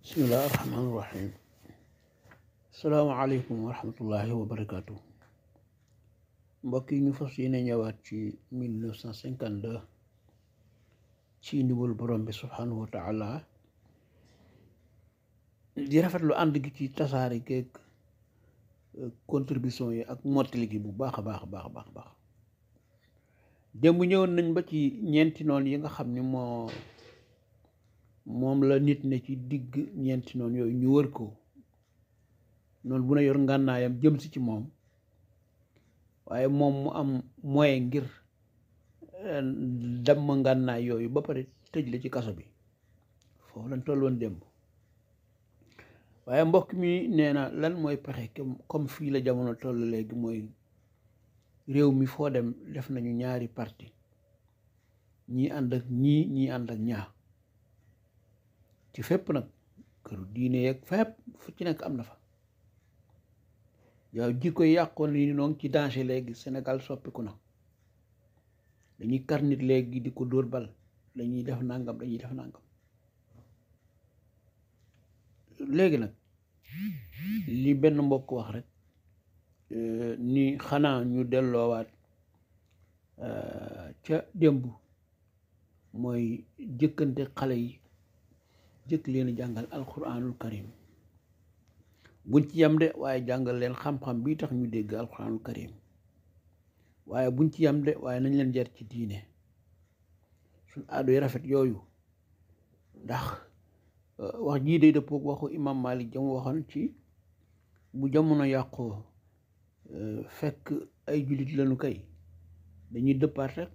bismillah rahmaani rahim salaamaaleykum wa rahmatullahi wa barakaatu mbokk yi ñu fas yéene ñëwaat ci mille neuf cent cinquante deux ci ndimbal borom bi subhaanahu wa taala di rafetlu ànd gi ci tasaare keeg euh, contribution yi ak mottali gi bu baax a baax a baax a baax démb ñëwoon nañ ba ci ñeenti noonu yi nga xam ni moo moom la nit ne ci digg ñeenti noonu yooyu ñu wër ko noonu bu ne yor ngànnaayam jëm si ci moom waaye moom mu am moyen ngir euh, damm ngànnaay yooyu ba pare tëj la ci kaso bi foofu lañ toll démb waaye mbokk mi nee na lan mooy pexe comme fii la jamono toll léegi mooy réew mi foo dem def nañu ñaari parti ñii ànd ak ñii ñii ànd ak ñaa ci fépp nag këru diine yeeg fépp fu ci nekk am na fa yow jikko yàqoon yi noonu ci danger léegi senegal soppiku na dañuy kar nit léegi di ko dóor bal dañuy def nangam dañuy def nangam léegi nag li benn mbokk wax rek euh, ni xanaa ñu delloowaat euh, ca démb mooy jëkkante xale yi jëkk leen jàngal alquranul karim buñ ci yam de waaye jàngal leen xam-xam bii tax ñu dégg alquranul karim waaye buñ ci yam de waaye nañ leen jar ci diine suñ aado yi rafet yooyu ndax euh, wax jii day dëppoog waxu imam malik jam waxoon ci bu jamono yàqoo euh, fekk ay jullit lañu kay dañuy dëppaat rek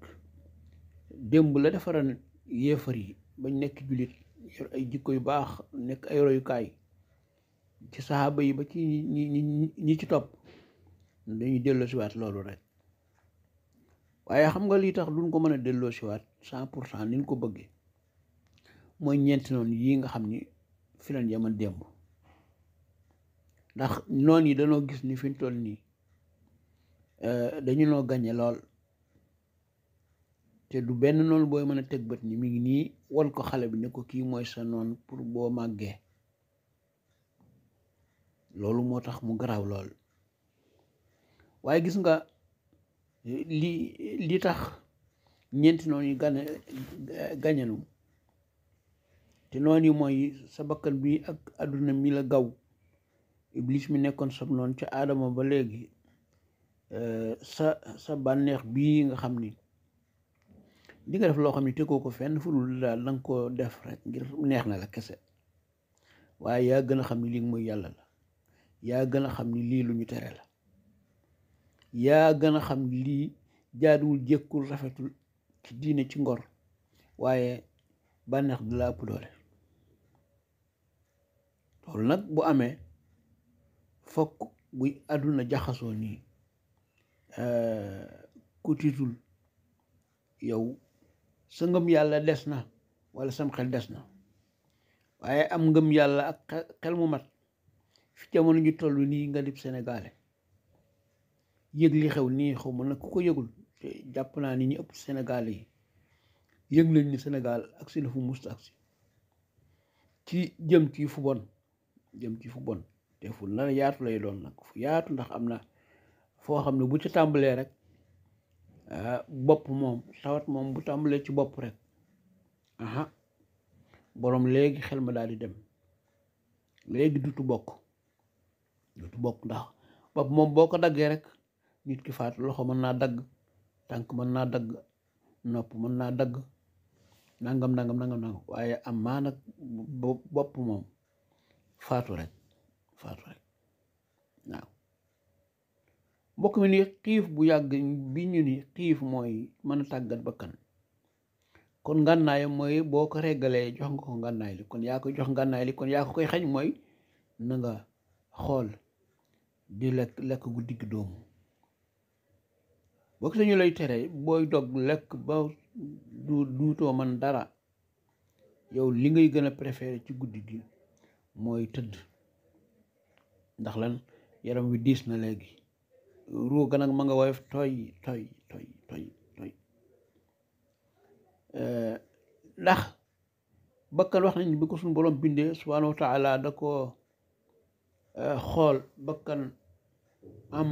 démb la defaran yéefar yi bañ nekk jullit yor ay jikko yu baax nekk ay royukaay ci saxaaba yi ba ci ñi ñi ñi ci topp dañuy delloosiwaat loolu rek waaye xam nga lii tax duñ ko mën a delloosiwaat cent pour cent ni ñu ko bëggee mooy ñeenti noonu yii nga xam ni fi lañ jamono démb ndax noon yi danoo gis ni fi toll nii euh, dañu noo gañe lool te du benn noonu booy mën a teg bët ni mi ngi nii won ko xale bi ne ko kii mooy sa noon pour boo màggee loolu moo tax mu garaaw lool waaye gis nga li li tax ñeenti noonu yi gañanu te noonu yi mooy sa bakkan bi ak àdduna mi la gaw iblis mi nekkoon sa noon ca aadama ba léegi eh, sa sa bànneex bii nga xam ni di def loo xam ne tegoo ko fenn fu dul daal da koo def rek ngir neex na la kese waaye yaa gën a xam ne lii muy yàlla la yaa gën a xam ni lii lu ñu tere la yaa gën a xam ne lii jaaduwul jékkul rafetul ci diine ci ngor waaye bànneex du la ëpp doole loolu nag bu amee fokk buy àdduna jaxasoo nii euh, ku yow sa ngëm yàlla des na walla sam xel des na waaye am ngëm yàlla ak xel mu mat fi jamono toll nii nga dib sénégalais yëg li xew nii xaw ma nag ku ko yëgul jàpp naa ni ñu ëpp sénégalais yi yëg nañ ni sénégal ak si na fu must ak si ci jëm ci fu bon jëm ci fu bon te fu nar yaatu lay doon nag fu yaatu ndax am na foo xam ne bu ci tàmbalee rek Ah, bopp moom tawat moom bu tàmbalee ci bopp rek aha boroom léegi xel ma daal di dem léegi dutu bokk dutu bokk ndax bopp moom boo ko daggee rek nit ki faat loxo mën naa dagg tànk mën naa dagg nopp mën naa dagg nangam nangam nangam nangam waaye am maa nag bopp moom faatu rek waaw mbokk mi ni xiif bu yàgg bi ñu ni xiif mooy mën a tàggat bakkan kon ngànnaayam mooy boo ko reggalee jox nga ko ngànnaay li kon yaa ko jox ngànnaay li kon yaa ko koy xañ mooy na xool di lekk lekk gu bokk sañu lay tere booy dog lekk ba du duutoo man dara yow li ngay gën a préféré ci guddi gi mooy tëdd ndax lan yaram wi diis na léegi ruuh ga nag ma nga woyof tooy tooy tooy tooy tooy eh, ndax bakkan wax nañ bi ko suñu borom bindee subhaanahu wa da koo eh, xool bakkan am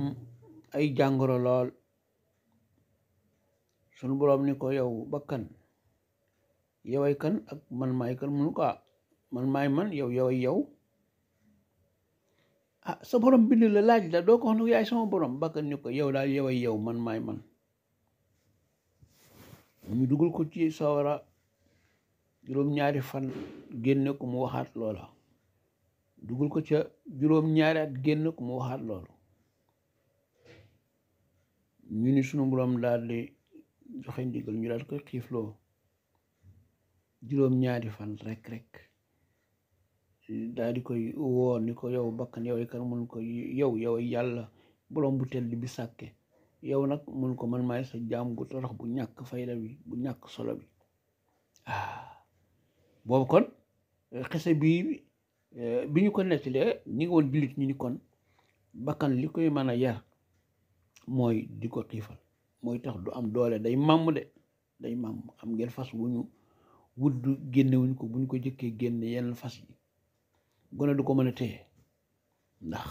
ay jàngoro lool suñu borom ni ko yow bakkan yoway kan ak man maay kan munu ko ah, man maay man yow yoway yow ah sa borom bind la laaj la doo ko wax ne yaay sama borom bakkan ni ko yow daal yow ay man maay man ñu dugal ko ci sawara juróom-ñaari fan génne ko mu waxaat loola dugal ko ca juróom-ñaari at génne ko mu waxaat loolu ñu ni sunu borom daal di joxe ndigal ñu daal koy xiifloo juróom-ñaari fan rek rek daal di koy woo ni ko yow bakkan yow yaakaar mun ko yow yow yàlla borom bu tedd bi sàkke yow nag mun ko man maay sa jaam gu torox bu ñàkk fayda bi bu ñàkk solo bi ah boobu kon eh, xese bii eh, bi ñu ko nettalee ñi ngi ñu ni kon bakkan li koy mën a yar mooy di ko xiifal mooy tax du am doole day màmm de day màmm am ngeen fas wu ñu wudd génne ko bu ñu ko jëkkee génne yenn fas yi gone du ko mën a téye ndax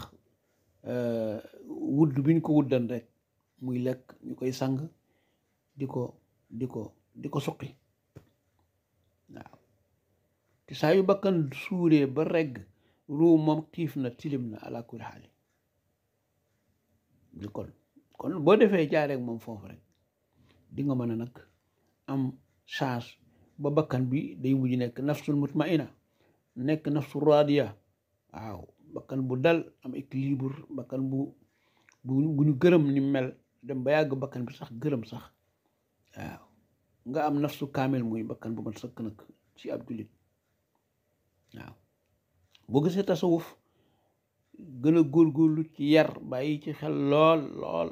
euh, wudd biñ ko wuddan rek muy lekk ñu koy sang di ko di ko di ko suqi waaw te saa yu bakkan suuree ba regg ruu moom xiif na tilim na ala kulli di kon kon boo defee jaareeg moom foofu rek di nga mën a nag am chance ba bakkan bi day mujj nekk nafsul mutmaina nekk nafsu raadiya waaw bakkan bu dal am équilibre bakkan bu bu bu ñu gërëm ni mel dem ba yàgg bakkan bi sax gërëm sax waaw nga am su kaamel muy bakkan bu man sëkk nag ci ab jullit waaw boo gisee tasawuf gën a góorgóorlu ci yar bàyyi ci xel lool lool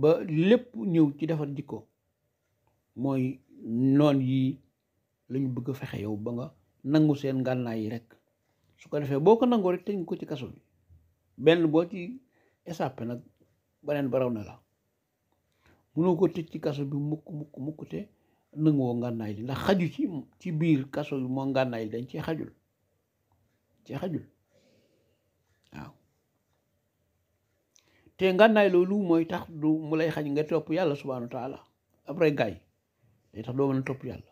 ba lépp ñëw ci defar jikko mooy noon yi lañu bëgg a fexe yow ba nga nangu seen ngànnaay yi rek su ko defee boo ko nangoo rek tëj ko ci kaso bi benn boo ci échappé nag beneen baraw na la mënoo ko tëj ci kaso bi mukk mukk mukk te nanguwoo ngànnaay li ndax xaju ci ci biir kaso bi moo ngànnaay li dañ ci xajul ci xajul waaw te ngànnaay loolu mooy tax du mu lay xaj nga topp yàlla subhaanahu wa taala après gaay day tax doo mën a topp yàlla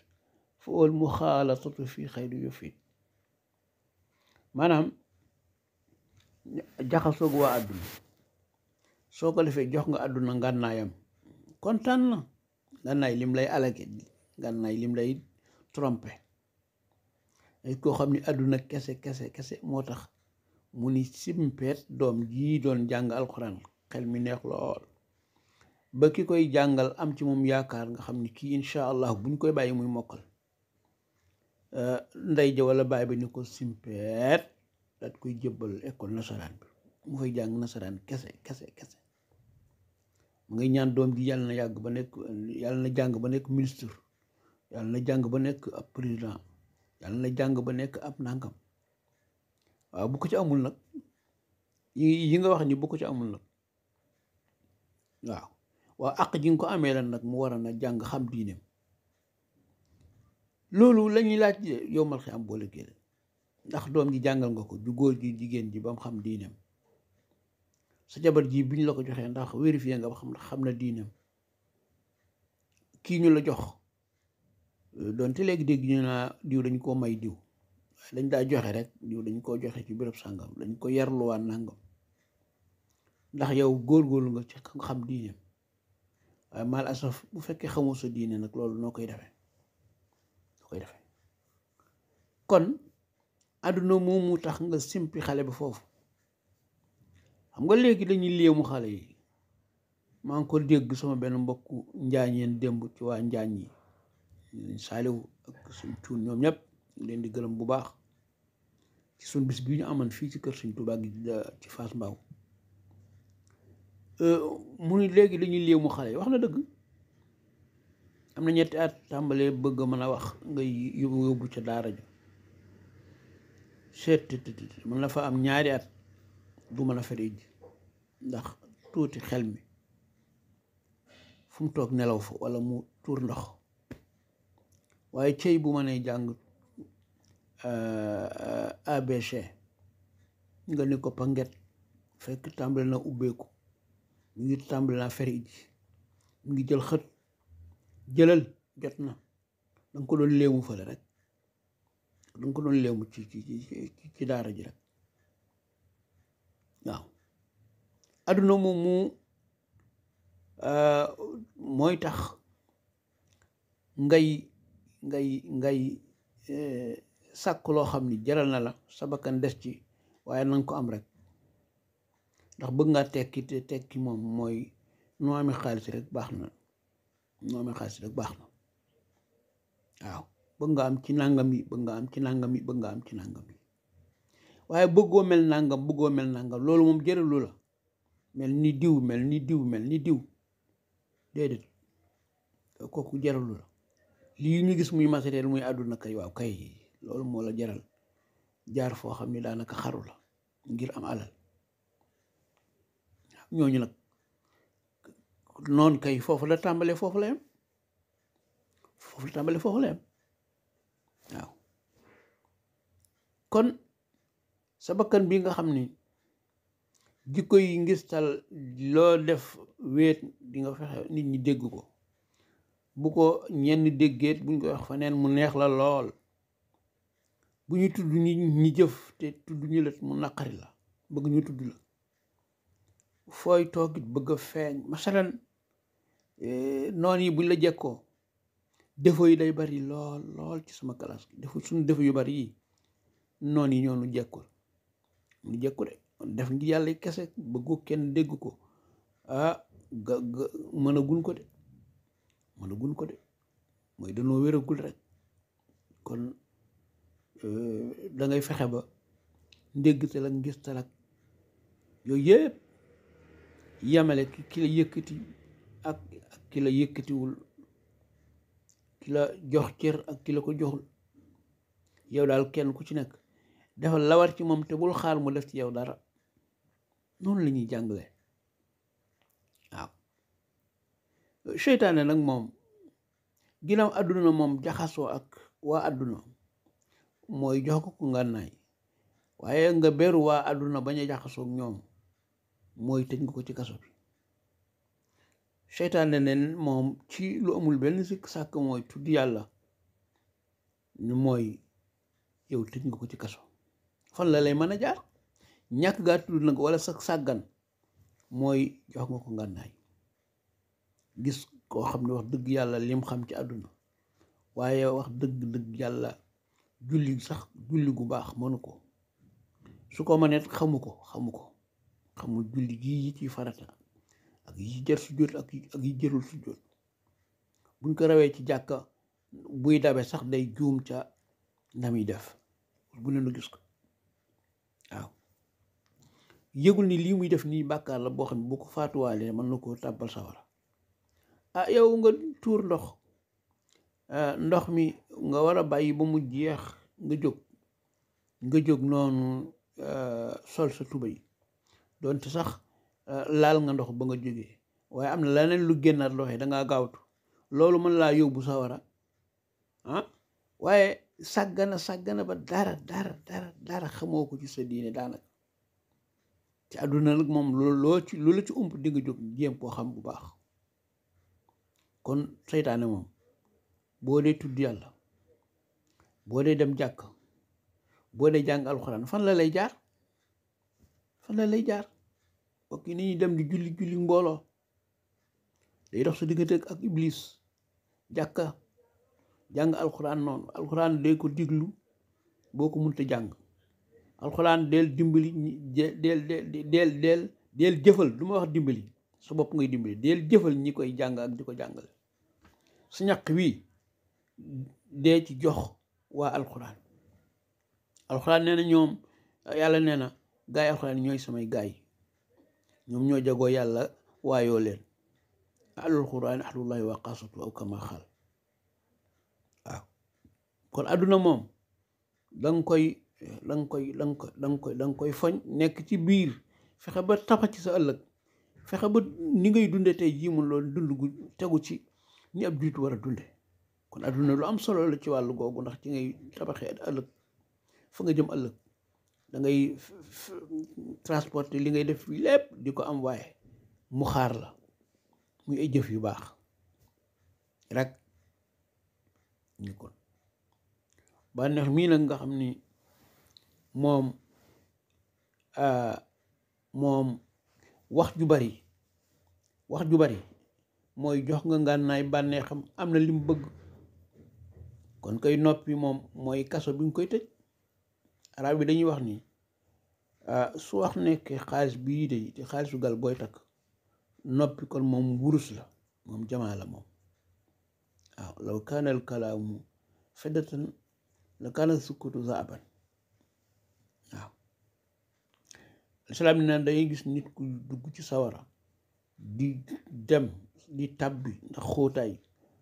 fa al muxaalatatu fi xayri yufid maanaam jaxasoog waa àdduna soo ko defee jox nga àdduna ngànnaayam kontaan na ngànnaay lim lay alage ngànnaay lim lay trompe ay koo xam ni àdduna kese kese kese moo tax mu ni simpeet doom jii doon jàng alxuraan xel mi neex lool ba ki koy jàngal am ci moom yaakaar nga xam ni kii incha allah buñ koy bàyyi muy mokkal Euh, ndey ja wala baay bi ni ko simpeet daat koy jëbbal école nasaraan bi mu fay jàng nasaraan kese kese kese mu ngay ñaan doom ji yàlla na yàgg ba nekk yàlla na jàng ba nekk ministre yàlla na jàng ba nekk ab président yàlla na jàng ba nekk ab nangam waaw bu ko ci amul nag yi yi nga wax ni bu ko ci amul nag waaw waaw àq ji nga ko amee lan nag mu war na jàng xam diineem loolu lañuy laaj yow mal xi am boole génn ndax doom ji jàngal nga ko ju góor gi jigéen ji ba mu xam diineem sa jabar ji bi ñu la ko joxee ndax vérifié nga ba xam xam na diineem kii ñu la jox euh, doonte léegi dégg ñu naa diw dañ koo may diw waaye dañ daa joxe rek diw dañ koo joxe ci béréb sàngam dañ ko yarluwaan nàngam ndax yow góorgóorlu nga ci xam diineem waaye mal asaf bu fekkee xamoo sa diine nag loolu noo koy defee kon àdduna moom mu tax nga simpi xale bi foofu xam nga léegi dañuy léemu xale yi maa ngi ko dégg sama benn mbokku njaañeen démb ci waa njaañ yi ñu saaliw ak suñ cuun ñoom ñëpp leen di gërëm bu baax ci suñ bis bi ñu amoon fii ci kër suñ tubaak gi ci Fass Mbao euh, mu ni léegi dañuy léemu xale yi wax na dëgg am na ñetti at tàmbalee bëgg a mën a wax nga yóbbu ca daara ji seet mën na fa am ñaari at du mën a fari ji ndax tuuti xel mi fu mu toog nelaw fa wala mu tuur ndox waaye cey bu ma ne jàng euh, ABC nga ni ko panget fekk tàmbale na ubbeeku mu ngi tàmbale naa fari ji ngi jël xët jëlal jot na danga ko doon léemu fële rek danga ko doon léemu ci ci ci daara ji rek waaw adduna moom mu euh, mooy tax ngay ngay ngay euh, sàkk loo xam ni jaral na la sa bakkan des ci waaye nanga ko am rek ndax bëgg ngaa tekki te tekki moom mooy noo amee xaalis rek baax na ñoo amee xaalis baax na waaw bëgg nga am ci nangam yi bëgg nga am ci nangam yi bëgg nga am ci nangam yi waaye bëggoo mel nangam bëggoo mel nangam loolu moom jëralu la mel ni diw mel ni diw mel ni diw déedéet kooku jëralu la lii ñu gis muy matériel muy àdduna kay waaw kay loolu moo la jaral jaar foo xam ne daanaka xaru la ngir am alal ñooñu nag noonu kay foofu la tàmbalee foofu la yem foofu la tàmbalee foofu la waaw kon sa bakkan bi nga xam ni jikko yi ngis tal loo def wéet di nga fexe nit ñi dégg ko bu ko ñenn déggeet buñ ko wax faneen mu neex la lool bu ñu tudd ñi ñi jëf te tudd ñu la mu naqari la bëgg ñu tudd la fooy toogit bëgg a feeñ masalan Eh, noon yi buñ la jekkoo defo yi day bari lool lool ci sama classe bi defo suñu defo yu bari yi noon yi ñoo nu jekkul nu jekku de def ngi yàlla kese bëggu kenn dégg ko ah, mën a gun ko de mën ko de mooy danoo wéragul rek kon eh, da ngay fexe ba ndégg tal ak ngis tal ak yooyu yëpp yemale ki ki la yëkkati ki la yëkkatiwul ki jox cër ak ki ko joxul yow daal kenn ku ci nekk defal lawar ci moom te bul xaar mu def ci yow dara noonu lañuy ñuy jàngale waaw seytaane nag moom ginnaaw àdduna moom jaxasoo ak waa àdduna mooy jox ko ku ngànnaay waaye nga beru waa àdduna bañ a jaxasoo ak ñoom mooy tëj nga ko ci kaso bi seytaane neen moom ci lu amul benn sikk sàkk mooy tudd yàlla ñu mooy yow tëj nga ko ci kaso fan la lay mën a jaar ñàkk gaa tudd nag wala sa sàggan mooy jox nga ko ngànnaay gis koo xam ne wax dëgg yàlla lim xam ci àdduna waaye wax dëgg dëgg yàlla julli sax julli gu baax mënu ko su ko mënee xamu ko xamu ko xamul julli gii ci farata ak yi jër sujjóot ak ak buñ ko rawee ci jàkka buy dabe sax day juum ca na muy def bu ne nu gis ko waaw yëgul ni lii muy def nii bàkkaar la boo xam ne bu ko faatuwaalee mën na koo tàbbal sawara ah yow nga tuur ndox ah, ndox mi nga war a bàyyi ba mu jeex nga jóg nga jóg noonu ah, sol sa tubéy doonte sax Eh, laal nga ndox ba nga jógee waaye am na leneen lu génnaat loo xam da ngaa loolu mën laa yóbbu sawara ah waaye sàggana sàggana ba dara dara dara dara xamoo ko ci sa diine daanaka ci àdduna nag moom loo ci lu la ci ump di nga jóg jéem koo xam bu baax kon seytaane moom boo dee tudd yàlla boo dee dem jàkk boo dee jàng alxuraan fan la lay jaar fan la lay jaar mbokk yi nañuy dem di julli julli mbooloo day dox sa diggante ak iblis jàkka jàng alxuraan noonu alxuraan day ko diglu boo ko mënta jàng alxuraan del dimbali del del jëfal du ma wax dimbali sa bopp ngay dimbali del jëfal ñi koy jàng ak di ko jàngale su ñaq wii dee ci jox waa alxuraan alxuraan nee na ñoom yàlla nee na gaay alxuraan ñooy samay gaay ñoom ñoo jagoo yàlla waayoo leen ahlul quraan ahlullahi wa qaasatu aw kama xaal kon àdduna moom danga koy danga koy danga koy danga koy danga koy foñ nekk ci biir fexe ba tabax ci sa ëllëg fexe ba ni ngay dunde tey jii mun loolu dund gu tegu ci ni ab julit war a dunde kon adduna lu am solo la ci wàllu googu ndax ci ngay tabaxee ëllëg fa nga jëm ëllëg dangay ngay li ngay def lépp di ko am waaye mu xaar la muy ay jëf yu baax rek ñu kon bànneex mii nag nga xam ni moom moom wax ju bari wax ju bari mooy jox nga ngànnaay bànneexam am na li mu bëgg kon koy noppi moom mooy kaso bi nga koy tëj arab bi dañuy wax ni ah, su wax nekkee xaalis bii de te xaalisu gal booy takk noppi kon moom wurus la moom jamaa la moom waaw law kaana al kalaamu fiddatan la kaana sukkutu zaaban waaw lislaam ne dañuy gis nit ku dugg ci sawara di dem di tàbbi ndax xóotaay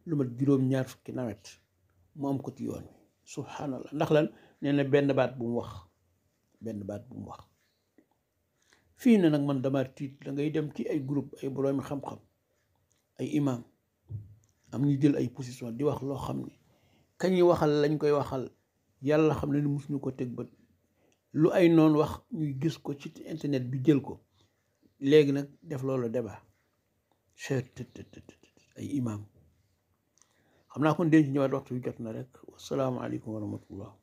lu ma juróom-ñaar fukki nawet mu am ko ci yoon wi subhaanallah ndax lan nee na benn baat bu mu wax benn baat bu mu wax fii ne nag man dama tiit dangay dem ci ay groupe ay boroomi xam-xam ay imam am ñu jël ay position di wax loo xam ne kañuy waxal lañ koy waxal yàlla xam ne ni musuñu ko teg bët lu ay noon wax ñuy gis ko ci internet bi jël ko léegi nag def loolu débat cher ay imam xam naa kon denc ñëwaat waxtu jot na rek wasalaamaaleykum wa rahmatullah